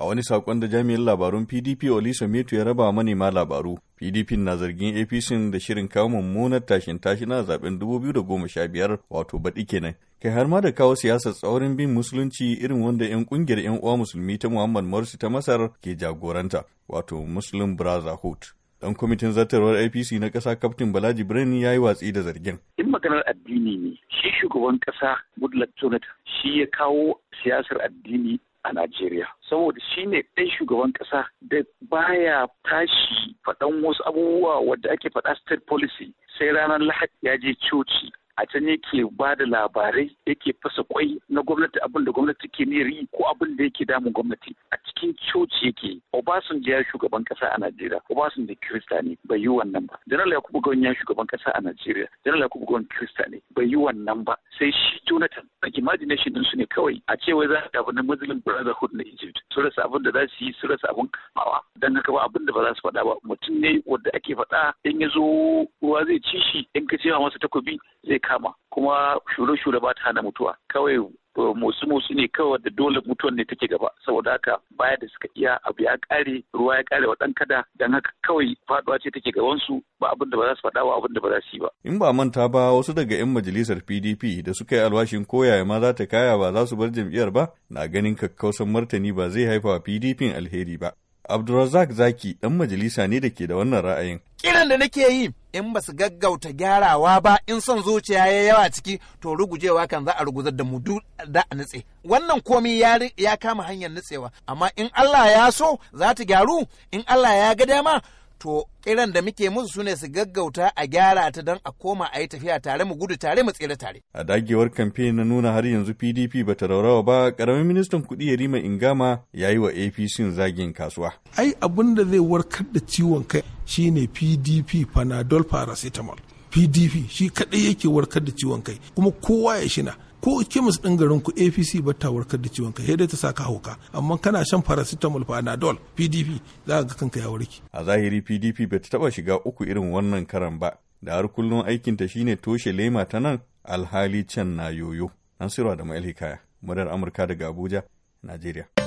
A wani sakon da jami'in labarun PDP Olisa Metu ya raba manema labaru, PDP na zargin APC da shirin kawo mummunar tashin tashina a zaben 2015 wato baɗi kenan. Kai har ma da kawo siyasar tsaurin bin musulunci irin wanda 'yan ƙungiyar 'yan uwa musulmi ta Muhammad Morsi ta Masar ke jagoranta, wato Muslim Brotherhood. dan kwamitin zartarwar apc na ƙasa kaftin balaji birni ya yi watsi da zargin in maganar addini ne shi shugaban ƙasa goodluck jonathan shi ya kawo siyasar addini a Najeriya. Saboda shi ne ɗan shugaban ƙasa da baya tashi faɗan wasu abubuwa wadda ake faɗa state policy sai ranar lahadi ya je coci a can yake ba da labarai yake fasa kwai na gwamnati abin da gwamnati ke yi ko abin da yake damun gwamnati a cikin coci yake obasanjo ya shugaban kasa a najeriya da kirista ne bai yi wannan ba janar yakubu gwan ya shugaban kasa a najeriya janar yakubu gwan kirista ne bai yi wannan ba sai shi jonathan a imagination din su ne kawai a cewa za a na muslim brotherhood na egypt su rasa abin da za su yi su rasa abin kamawa dan haka ba abin da ba za su faɗa ba mutum ne wanda ake faɗa in ya zo ruwa zai ci shi in ka cewa masa takobi zai kama kuma shure-shure ba ta hana mutuwa kawai uh, motsi motsi ne kawai da dole mutuwan ne take gaba saboda haka baya da suka iya abu ya kare ruwa ya kare wa dan kada dan haka kawai faduwa ce take gaban su ba abin da ba za su faɗa ba abin da ba za su yi ba in ba manta ba wasu daga yan majalisar PDP da suka yi alwashin koyaya ma za ta kaya ba za su bar jam'iyyar ba na ganin kakkausan martani ba zai haifa PDP alheri ba Abdulrazak Zaki ɗan majalisa ne da ke da wannan ra'ayin. Kiran da nake yi in ba su gaggauta gyarawa ba in son zuciya ya yawa ciki to rugujewa kan za a ruguzar da mu da a nutse. Wannan komi ya kama hanyar nutsewa amma in Allah ya so za ta gyaru in Allah ya ga dama to kiran da muke musu sune su gaggauta a gyara ta don a koma a yi tafiya tare mu gudu tare mu tsere tare. A dagewar kamfe na nuna har yanzu PDP ba ta raurawa ba karamin ministan kuɗi Yarima Ingama ya yi wa APC zagin kasuwa. Ai abin da zai warkar da ciwon kai shine PDP Panadol Paracetamol. PDP shi kaɗai yake warkar da ciwon kai kuma kowa ya shina. ko kemis ɗin garin ku apc ba ta warkar da ciwon ka dai ta saka hauka amma kana shan paracetamol fa panadol pdp za ka ga kanka ya warke a zahiri pdp ba ta taba shiga uku irin wannan karan ba da har kullum ta shine toshe lema ta nan alhali can na yoyo An sirwa da ma'il hikaya murar amurka daga abuja najeriya